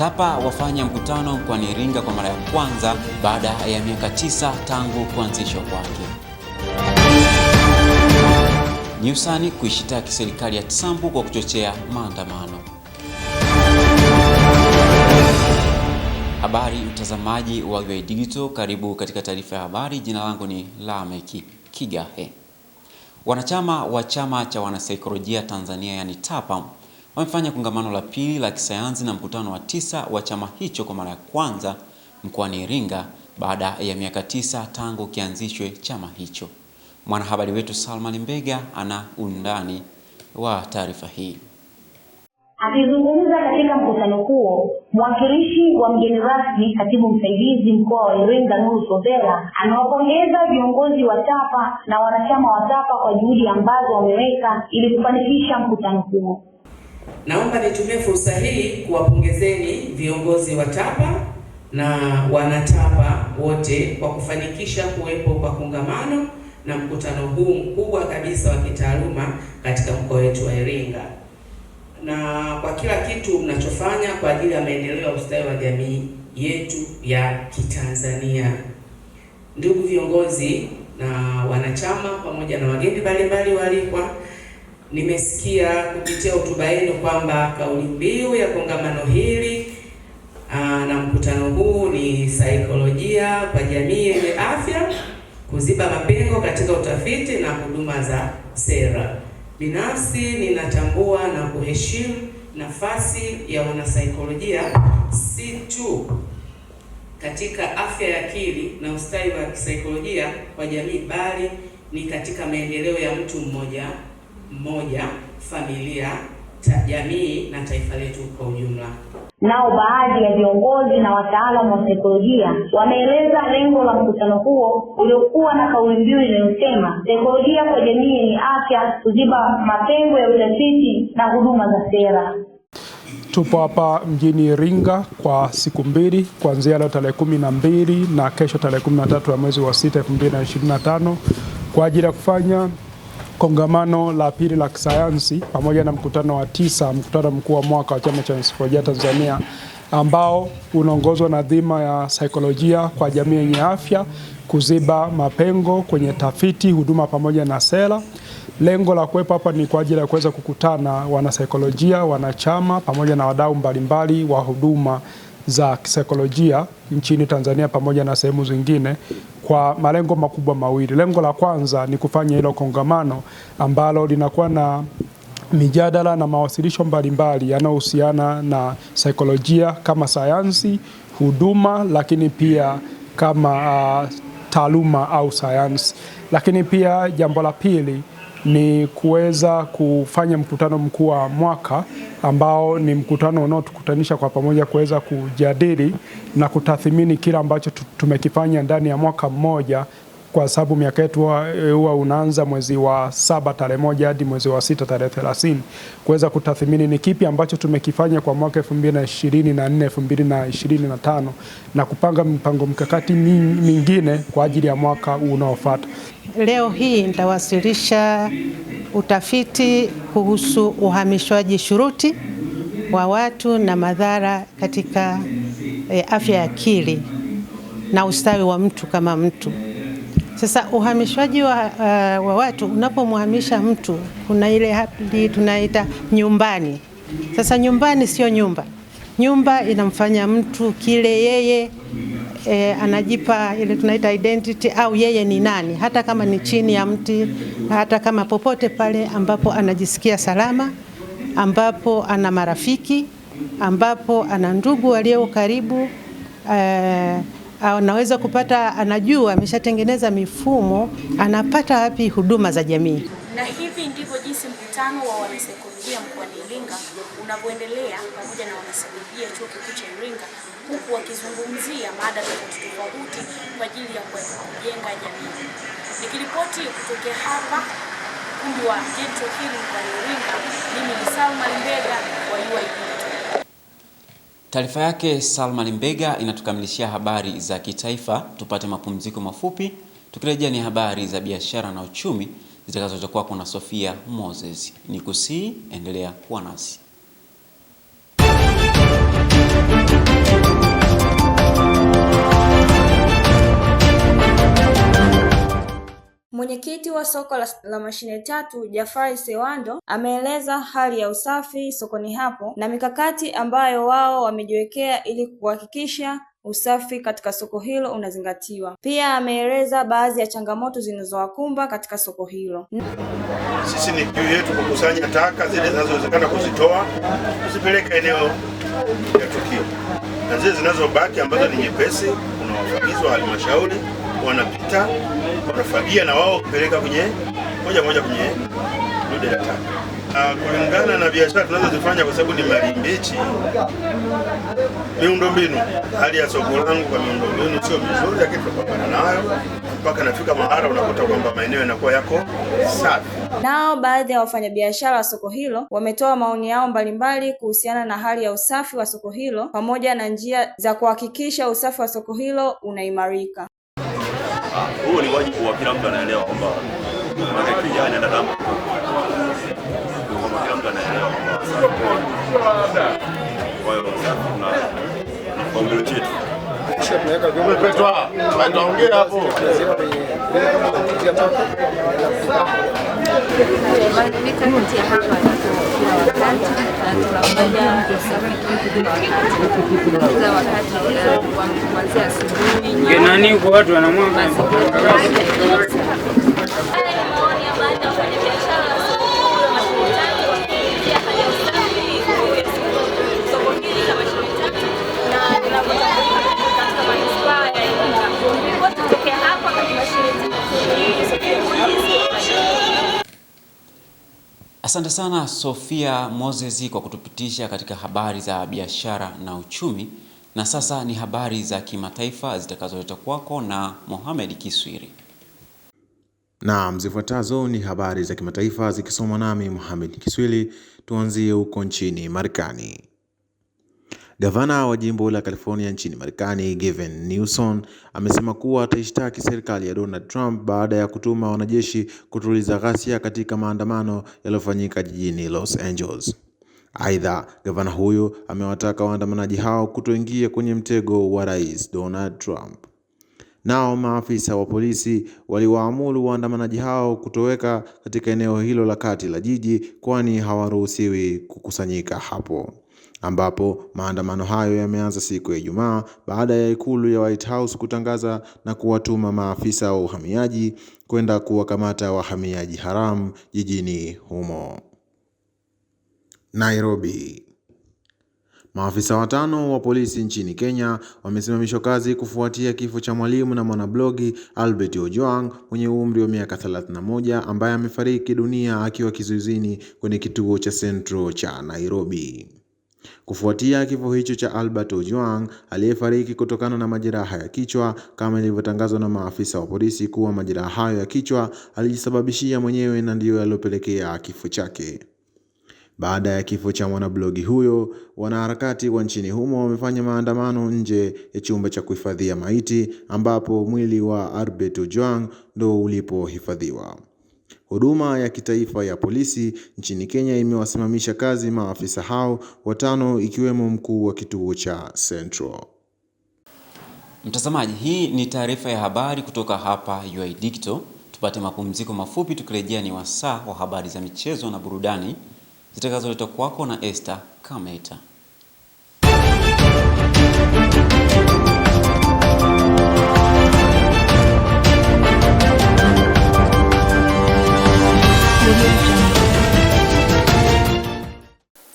TAPA wafanya mkutano mkoani Iringa kwa mara ya kwanza baada ya miaka tisa tangu kuanzishwa kwake. nyusani kuishitaki serikali ya Tsambu kwa kuchochea maandamano. Habari mtazamaji wa UoI Digital, karibu katika taarifa ya habari. Jina langu ni Lameki Kigahe. Wanachama wa chama cha wanasaikolojia Tanzania yani TAPA wamefanya kongamano la pili la kisayansi na mkutano wa tisa wa chama hicho kwa mara ya kwanza mkoani Iringa baada ya miaka tisa tangu kianzishwe chama hicho. Mwanahabari wetu Salma Limbega ana undani wa taarifa hii. Akizungumza katika mkutano huo, mwakilishi wa mgeni rasmi, katibu msaidizi mkoa wa Iringa Nuru sovela amewapongeza viongozi wa TAPA na wanachama wa TAPA kwa juhudi ambazo wameweka ili kufanikisha mkutano huo. Naomba nitumie fursa hii kuwapongezeni viongozi wa TAPA na wanatapa wote kwa kufanikisha kuwepo kwa kongamano na mkutano huu mkubwa kabisa wa kitaaluma katika mkoa wetu wa Iringa, na kwa kila kitu mnachofanya kwa ajili ya maendeleo ya ustawi wa jamii yetu ya Kitanzania. Ndugu viongozi na wanachama pamoja na wageni mbalimbali waalikwa Nimesikia kupitia hotuba yenu kwamba kauli mbiu ya kongamano hili aa, ah, na mkutano huu ni saikolojia kwa jamii yenye afya, kuziba mapengo katika utafiti na huduma za sera. Binafsi ninatambua na kuheshimu nafasi ya wanasaikolojia si tu katika afya ya akili na ustawi wa kisaikolojia kwa jamii, bali ni katika maendeleo ya mtu mmoja mmoja, familia, jamii na taifa letu kwa ujumla. Nao baadhi ya viongozi na wataalamu wa saikolojia wameeleza lengo la mkutano huo uliokuwa na kauli mbiu inayosema saikolojia kwa jamii yenye afya, kuziba mapengo ya utafiti na huduma za sera. Tupo hapa mjini Iringa kwa siku mbili kuanzia leo tarehe kumi na mbili na kesho tarehe kumi na tatu ya mwezi wa sita elfu mbili na ishirini na tano kwa ajili ya kufanya kongamano la pili la kisayansi pamoja na mkutano wa tisa, mkutano mkuu wa mwaka wa chama cha saikolojia Tanzania ambao unaongozwa na dhima ya saikolojia kwa jamii yenye afya, kuziba mapengo kwenye tafiti, huduma pamoja na sera. Lengo la kuwepo hapa ni kwa ajili ya kuweza kukutana wanasaikolojia, wanachama pamoja na wadau mbalimbali wa huduma za kisaikolojia nchini Tanzania pamoja na sehemu zingine kwa malengo makubwa mawili. Lengo la kwanza ni kufanya hilo kongamano ambalo linakuwa na mijadala na mawasilisho mbalimbali yanayohusiana na saikolojia kama sayansi, huduma, lakini pia kama uh, taaluma au sayansi. Lakini pia jambo la pili ni kuweza kufanya mkutano mkuu wa mwaka ambao ni mkutano unaotukutanisha kwa pamoja kuweza kujadili na kutathimini kile ambacho tumekifanya ndani ya mwaka mmoja, kwa sababu miaka yetu eh, huwa unaanza mwezi wa saba tarehe moja hadi mwezi wa sita tarehe thelathini, kuweza kutathimini ni kipi ambacho tumekifanya kwa mwaka elfu mbili na ishirini na nne elfu mbili na ishirini na tano na kupanga mipango mkakati mingine kwa ajili ya mwaka unaofuata. Leo hii nitawasilisha utafiti kuhusu uhamishwaji shuruti wa watu na madhara katika e, afya ya akili na ustawi wa mtu kama mtu. Sasa uhamishwaji wa, uh, wa watu, unapomhamisha mtu kuna ile hali tunaita nyumbani. Sasa nyumbani sio nyumba, nyumba inamfanya mtu kile yeye e, anajipa ile tunaita identity au yeye ni nani, hata kama ni chini ya mti, hata kama popote pale ambapo anajisikia salama, ambapo ana marafiki, ambapo ana ndugu walio karibu e, anaweza kupata, anajua ameshatengeneza mifumo, anapata wapi huduma za jamii. Na hivi ndivyo jinsi mkutano wa wanasaikolojia mkoani Iringa tunavyoendelea pamoja na wanasaikolojia chuo kikuu cha Iringa, huku wakizungumzia mada tofauti tofauti kwa ajili ya kujenga jamii. Nikiripoti kutokea hapa ukumbi wa Gentle Healing kwa Iringa, mimi ni Salma Limbega wa UoI. Taarifa yake Salma Limbega inatukamilishia habari za kitaifa. Tupate mapumziko mafupi, tukirejea ni habari za biashara na uchumi zitakazotoka kwako na Sofia Moses. Ni kusii endelea kuwa nasi. Mwenyekiti wa soko la, la mashine tatu Jafari Sewando ameeleza hali ya usafi sokoni hapo na mikakati ambayo wao wamejiwekea ili kuhakikisha usafi katika soko hilo unazingatiwa. Pia ameeleza baadhi ya changamoto zinazowakumba katika soko hilo. Sisi ni juu yetu kukusanya taka zile zinazowezekana kuzitoa kuzipeleka eneo ya tukio, na zile zinazobaki ambazo ni nyepesi, kuna wafanyizi wa halmashauri wanapita wanafagia na wao kupeleka kwenye moja moja kwenye dude la tano. Kulingana na biashara tunazozifanya, kwa sababu ni mali mbichi, miundombinu, hali ya soko langu kwa miundombinu sio mizuri, lakini tunapambana nayo mpaka nafika mahala unakuta kwamba maeneo yanakuwa yako safi. Nao baadhi ya wafanyabiashara wa soko hilo wametoa maoni yao mbalimbali kuhusiana na hali ya usafi wa soko hilo pamoja na njia za kuhakikisha usafi wa soko hilo unaimarika huo ni wajibu wa kila mtu anaelewa kwamba mwanamke kijana anaenda damba kila mtu anaelewa kwa hiyo na kipaumbele chetu tunaongea hapo kila wakati tunafanya kila wakati kuanzia asubuhi. Nani uko watu wanamwaga Asante sana Sofia Moses kwa kutupitisha katika habari za biashara na uchumi, na sasa ni habari za kimataifa zitakazoleta kwako na Mohamed Kiswiri. Naam, zifuatazo ni habari za kimataifa zikisomwa nami Mohamed Kiswiri. Tuanzie huko nchini Marekani. Gavana wa jimbo la California nchini Marekani, Gavin Newsom amesema kuwa ataishtaki serikali ya Donald Trump baada ya kutuma wanajeshi kutuliza ghasia katika maandamano yaliyofanyika jijini Los Angeles. Aidha, gavana huyo amewataka waandamanaji hao kutoingia kwenye mtego wa Rais Donald Trump. Nao maafisa wa polisi waliwaamuru waandamanaji hao kutoweka katika eneo hilo la kati la jiji kwani hawaruhusiwi kukusanyika hapo ambapo maandamano hayo yameanza siku ya Ijumaa baada ya ikulu ya White House kutangaza na kuwatuma maafisa wa uhamiaji kwenda kuwakamata wahamiaji haramu jijini humo. Nairobi. Maafisa watano wa polisi nchini Kenya wamesimamishwa kazi kufuatia kifo cha mwalimu na mwanablogi Albert Ojwang mwenye umri wa miaka 31 ambaye amefariki dunia akiwa kizuizini kwenye kituo cha Central cha Nairobi. Kufuatia kifo hicho cha Albert Ojwang aliyefariki kutokana na majeraha ya kichwa kama ilivyotangazwa na maafisa wa polisi kuwa majeraha hayo ya kichwa alijisababishia mwenyewe na ndiyo yaliyopelekea kifo chake. Baada ya kifo cha mwanablogi huyo, wanaharakati wa nchini humo wamefanya maandamano nje ya chumba cha kuhifadhia maiti ambapo mwili wa Albert Ojwang ndo ulipohifadhiwa. Huduma ya kitaifa ya polisi nchini Kenya imewasimamisha kazi maafisa hao watano ikiwemo mkuu wa kituo cha Central. Mtazamaji, hii ni taarifa ya habari kutoka hapa UoI Digital. Tupate mapumziko mafupi, tukirejea ni wasaa wa habari za michezo na burudani zitakazoletwa kwako na Esther Kameta.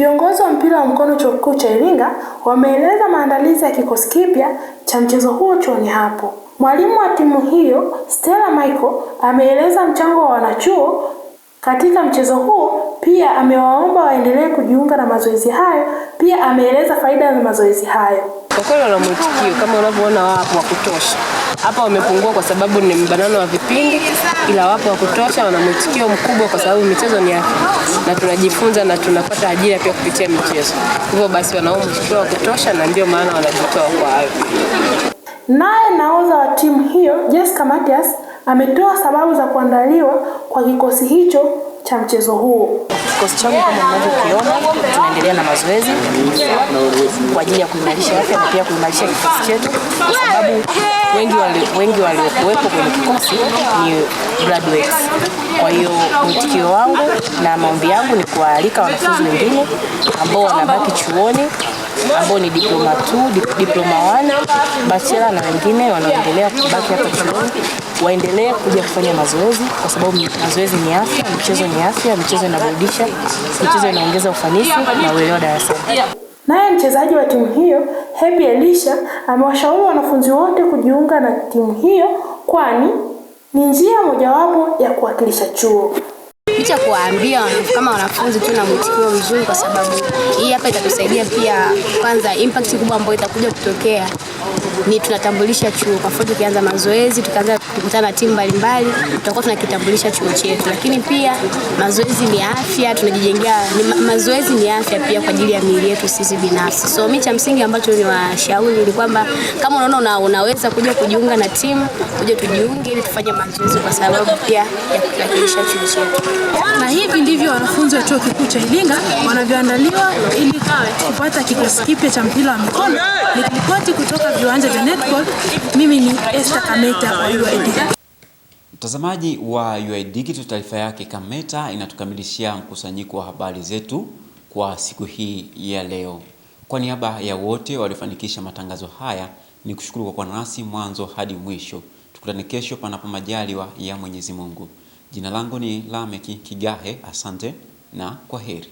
Viongozi wa mpira wa mkono chuo kikuu cha Iringa wameeleza maandalizi ya kikosi kipya cha mchezo huo chuoni hapo. Mwalimu wa timu hiyo Stella Michael ameeleza mchango wa wanachuo katika mchezo huo, pia amewaomba waendelee kujiunga na mazoezi hayo. Pia ameeleza faida za mazoezi hayo kwa kweli wana mwitikio kama unavyoona, wapo wa kutosha. Hapa wamepungua kwa sababu ni mbanano wa vipindi, ila wapo wa kutosha, wana mwitikio mkubwa kwa sababu michezo ni afya na tunajifunza na tunapata ajira pia kupitia michezo. Hivyo basi wana mwitikio wa kutosha na ndio maana wanajitoa kwa hayo. Naye naoza wa timu hiyo Jessica Matias ametoa sababu za kuandaliwa kwa kikosi hicho cha mchezo huo. Kikosi changu kama mnavyokiona, tunaendelea na mazoezi kwa ajili ya kuimarisha afya na pia kuimarisha kikosi chetu, kwa sababu wengi wengi waliokuwepo kwenye kikosi ni graduates. Kwa hiyo mwitikio wangu na maombi yangu ni kuwaalika wanafunzi wengine ambao wanabaki chuoni ambao ni diploma 2, diploma 1, bachela na wengine wanaendelea kubaki hapa chuoni waendelee kuja kufanya mazoezi, kwa sababu mazoezi ni afya, michezo ni afya, michezo inaburudisha, michezo inaongeza ufanisi na uelewa darasani. Naye mchezaji wa timu hiyo Happy Elisha amewashauri wanafunzi wote kujiunga na timu hiyo kwani ni njia mojawapo ya kuwakilisha chuo licha kuwaambia kama wanafunzi tu na mwitikio mzuri, kwa sababu hii hapa itatusaidia pia, kwanza impact kubwa ambayo itakuja kutokea ni tunatambulisha chuo. Kwa mfano, tukianza mazoezi, tukaanza kukutana na timu mbalimbali, tutakuwa tunakitambulisha chuo chetu. Lakini pia mazoezi ni afya, tunajijengea ni ma mazoezi ni afya pia kwa ajili ya miili yetu sisi binafsi. So mimi cha msingi ambacho ni washauri ni kwamba kama unaona una, unaweza kuja kujiunga na timu, kuja tujiunge ili tufanye mazoezi kwa sababu pia ya kukamilisha chuo chetu. Na hivi ndivyo wanafunzi wa chuo kikuu cha Iringa wanavyoandaliwa ili kupata kikosi kipya cha mpira wa mkono. Nikiripoti kutoka viwanja vya netball. Mimi ni Esther Kameta wa UoI. Mtazamaji wa UoI Digital, taarifa yake Kameta inatukamilishia mkusanyiko wa habari zetu kwa siku hii ya leo. Kwa niaba ya wote waliofanikisha matangazo haya, ni kushukuru kwa kuwa nasi mwanzo hadi mwisho. Tukutane kesho, panapo majaliwa ya Mwenyezi Mungu. Jina langu ni Lameki Kigahe, asante na kwa heri.